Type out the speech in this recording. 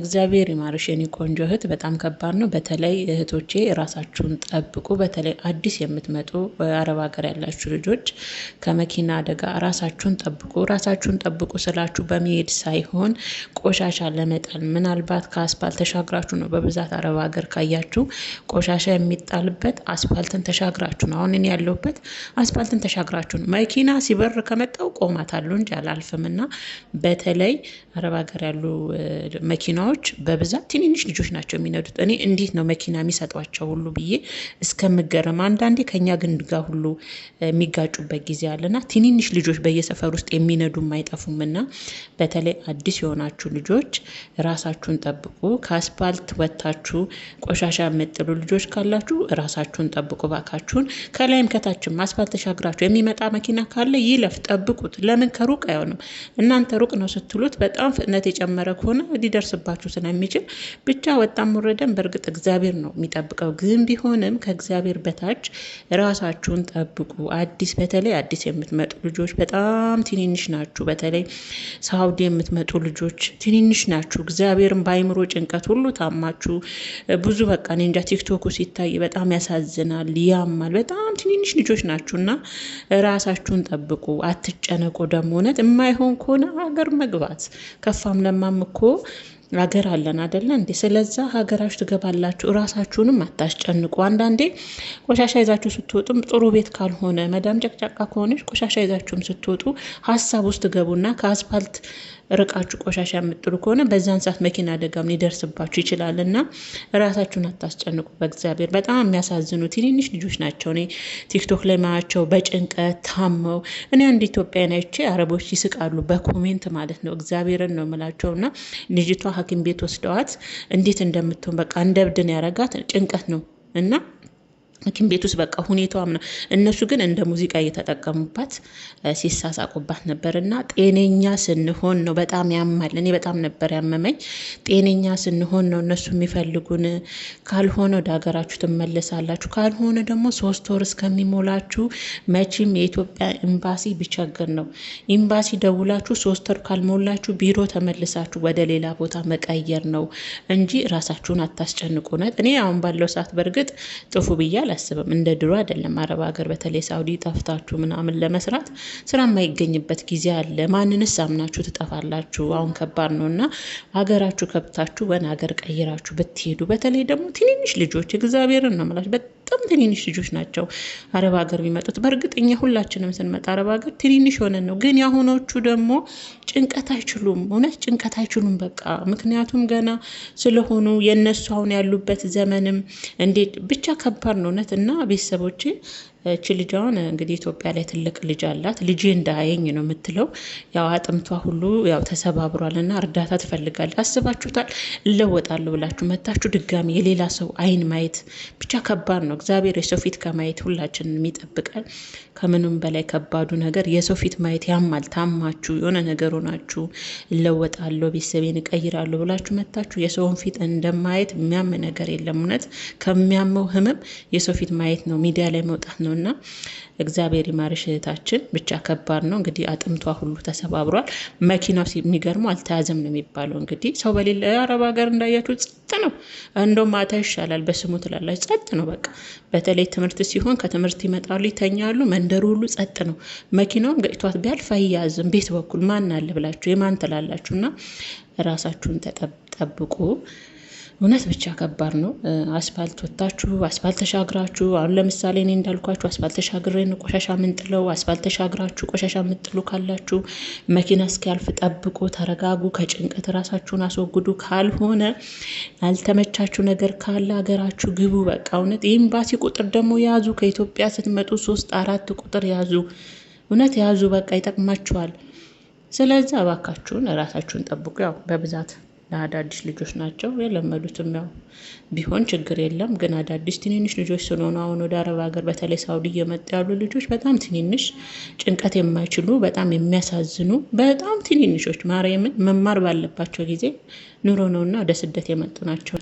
እግዚአብሔር ይማርሽ የኔ ቆንጆ እህት፣ በጣም ከባድ ነው። በተለይ እህቶቼ ራሳችሁን ጠብቁ። በተለይ አዲስ የምትመጡ አረብ ሀገር ያላችሁ ልጆች ከመኪና አደጋ ራሳችሁን ጠብቁ። ራሳችሁን ጠብቁ ስላችሁ በመሄድ ሳይሆን ቆሻሻ ለመጣል ምናልባት ከአስፓልት ተሻግራችሁ ነው። በብዛት አረብ ሀገር ካያችሁ ቆሻሻ የሚጣልበት አስፓልትን ተሻግራችሁ ነው። አሁን እኔ ያለሁበት አስፓልትን ተሻግራችሁ ነው። መኪና ሲበር ከመጣው ቆማታለሁ እንጂ አላልፍም እና በተለይ አረብ ሀገር ያሉ መኪና መኪናዎች በብዛት ትንንሽ ልጆች ናቸው የሚነዱት። እኔ እንዴት ነው መኪና የሚሰጧቸው ሁሉ ብዬ እስከምገረም አንዳንዴ ከኛ ግን ጋር ሁሉ የሚጋጩበት ጊዜ አለና ትንንሽ ልጆች በየሰፈር ውስጥ የሚነዱ አይጠፉም። እና በተለይ አዲስ የሆናችሁ ልጆች ራሳችሁን ጠብቁ። ከአስፓልት ወታችሁ ቆሻሻ የምጥሉ ልጆች ካላችሁ ራሳችሁን ጠብቁ ባካችሁን። ከላይም ከታችም አስፓልት ተሻግራችሁ የሚመጣ መኪና ካለ ይለፍ፣ ጠብቁት። ለምን ከሩቅ አይሆንም። እናንተ ሩቅ ነው ስትሉት በጣም ፍጥነት የጨመረ ከሆነ ሊደርስባ ሊያጠፋችሁ ስለሚችል ብቻ ወጣም ወረደን በእርግጥ እግዚአብሔር ነው የሚጠብቀው። ግን ቢሆንም ከእግዚአብሔር በታች ራሳችሁን ጠብቁ። አዲስ በተለይ አዲስ የምትመጡ ልጆች በጣም ትንንሽ ናችሁ። በተለይ ሳውዲ የምትመጡ ልጆች ትንንሽ ናችሁ። እግዚአብሔርን በአይምሮ ጭንቀት ሁሉ ታማችሁ ብዙ በቃ እኔ እንጃ ቲክቶኩ ሲታይ በጣም ያሳዝናል፣ ያማል። በጣም ትንንሽ ልጆች ናችሁ እና ራሳችሁን ጠብቁ፣ አትጨነቁ። ደግሞ እውነት የማይሆን ከሆነ ሀገር መግባት ከፋም ለማም እኮ ሀገር አለን አደለ እንዴ? ስለዛ ሀገራችሁ ትገባላችሁ። እራሳችሁንም አታስጨንቁ። አንዳንዴ ቆሻሻ ይዛችሁ ስትወጡም ጥሩ ቤት ካልሆነ መዳም ጨቅጫቃ ከሆነች ቆሻሻ ይዛችሁም ስትወጡ ሀሳብ ውስጥ ገቡና ከአስፋልት ርቃችሁ ቆሻሻ የምጥሉ ከሆነ በዛን ሰዓት መኪና አደጋም ሊደርስባችሁ ይችላል እና ራሳችሁን አታስጨንቁ። በእግዚአብሔር በጣም የሚያሳዝኑ ትንንሽ ልጆች ናቸው። እኔ ቲክቶክ ላይ ማያቸው በጭንቀት ታመው እኔ አንድ ኢትዮጵያ ናይቼ አረቦች ይስቃሉ በኮሜንት ማለት ነው። እግዚአብሔርን ነው የምላቸውና ልጅቷ ሐኪም ቤት ወስደዋት እንዴት እንደምትሆን በቃ እንደ እብድ ያረጋት። ጭንቀት ነው እና ሐኪም ቤት ውስጥ በቃ ሁኔታዋም ነው። እነሱ ግን እንደ ሙዚቃ እየተጠቀሙባት ሲሳሳቁባት ነበር። እና ጤነኛ ስንሆን ነው በጣም ያማል። እኔ በጣም ነበር ያመመኝ። ጤነኛ ስንሆን ነው እነሱ የሚፈልጉን። ካልሆነ ወደ ሀገራችሁ ትመለሳላችሁ፣ ካልሆነ ደግሞ ሶስት ወር እስከሚሞላችሁ መቼም የኢትዮጵያ ኤምባሲ ቢቸግር ነው ኤምባሲ ደውላችሁ ሶስት ወር ካልሞላችሁ ቢሮ ተመልሳችሁ ወደ ሌላ ቦታ መቀየር ነው እንጂ ራሳችሁን አታስጨንቁ። እውነት እኔ አሁን ባለው ሰዓት በእርግጥ ጥፉ ብያል አላስብም። እንደ ድሮ አይደለም። አረብ ሀገር በተለይ ሳውዲ ጠፍታችሁ ምናምን ለመስራት ስራ የማይገኝበት ጊዜ አለ። ማንንስ አምናችሁ ትጠፋላችሁ? አሁን ከባድ ነው እና ሀገራችሁ ከብታችሁ ወን ሀገር ቀይራችሁ ብትሄዱ በተለይ ደግሞ ትንንሽ ልጆች እግዚአብሔርን ነው የምላችሁ በጣም ትንንሽ ልጆች ናቸው አረብ ሀገር የሚመጡት። በእርግጥ እኛ ሁላችንም ስንመጣ አረብ ሀገር ትንንሽ ሆነን ነው። ግን የአሁኖቹ ደግሞ ጭንቀት አይችሉም፣ እውነት ጭንቀት አይችሉም። በቃ ምክንያቱም ገና ስለሆኑ የእነሱ አሁን ያሉበት ዘመንም እንዴት ብቻ ከባድ ነው እውነት እና ቤተሰቦቼ እቺ ልጇን እንግዲህ ኢትዮጵያ ላይ ትልቅ ልጅ አላት። ልጄ እንዳያየኝ ነው የምትለው። ያው አጥምቷ ሁሉ ያው ተሰባብሯል እና እርዳታ ትፈልጋለች። አስባችሁታል? እለወጣለሁ ብላችሁ መታችሁ ድጋሚ የሌላ ሰው አይን ማየት ብቻ ከባድ ነው። እግዚአብሔር የሰው ፊት ከማየት ሁላችንን የሚጠብቀን። ከምንም በላይ ከባዱ ነገር የሰው ፊት ማየት ያማል። ታማችሁ የሆነ ነገር ሆናችሁ እለወጣለሁ፣ ቤተሰቤን እቀይራለሁ ብላችሁ መታችሁ የሰውን ፊት እንደማየት የሚያም ነገር የለም። እውነት ከሚያመው ህመም የሰው ፊት ማየት ነው፣ ሚዲያ ላይ መውጣት ነው እና እግዚአብሔር ይማርሽ እህታችን። ብቻ ከባድ ነው እንግዲህ አጥምቷ ሁሉ ተሰባብሯል። መኪናው የሚገርመው አልተያዘም ነው የሚባለው። እንግዲህ ሰው በሌለ አረብ ሀገር እንዳያችሁ ጸጥ ነው። እንደው ማታ ይሻላል በስሙ ትላላችሁ። ጸጥ ነው በቃ። በተለይ ትምህርት ሲሆን ከትምህርት ይመጣሉ፣ ይተኛሉ። መንደሩ ሁሉ ጸጥ ነው። መኪናውም ገጭቷት ቢያልፍ አያያዝም። ቤት በኩል ማን አለ ብላችሁ የማን ትላላችሁ እና ራሳችሁን ተጠብቁ። እውነት ብቻ ከባድ ነው። አስፋልት ወጥታችሁ አስፋልት ተሻግራችሁ አሁን ለምሳሌ እኔ እንዳልኳችሁ አስፋልት ተሻግረን ቆሻሻ ምንጥለው አስፋልት ተሻግራችሁ ቆሻሻ ምንጥሉ ካላችሁ መኪና እስኪያልፍ ጠብቁ፣ ተረጋጉ፣ ከጭንቀት ራሳችሁን አስወግዱ። ካልሆነ ያልተመቻችሁ ነገር ካለ ሀገራችሁ ግቡ። በቃ እውነት የኤምባሲ ቁጥር ደግሞ ያዙ። ከኢትዮጵያ ስትመጡ ሶስት አራት ቁጥር ያዙ። እውነት ያዙ። በቃ ይጠቅማችኋል። ስለዚህ እባካችሁን ራሳችሁን ጠብቁ። ያው በብዛት ለአዳዲስ ልጆች ናቸው የለመዱትም። ያው ቢሆን ችግር የለም ግን አዳዲስ ትንንሽ ልጆች ስለሆኑ አሁን ወደ አረብ ሀገር በተለይ ሳውዲ እየመጡ ያሉ ልጆች በጣም ትንንሽ ጭንቀት የማይችሉ በጣም የሚያሳዝኑ በጣም ትንንሾች ማርያምን መማር ባለባቸው ጊዜ ኑሮ ነውና ወደ ስደት የመጡ ናቸው።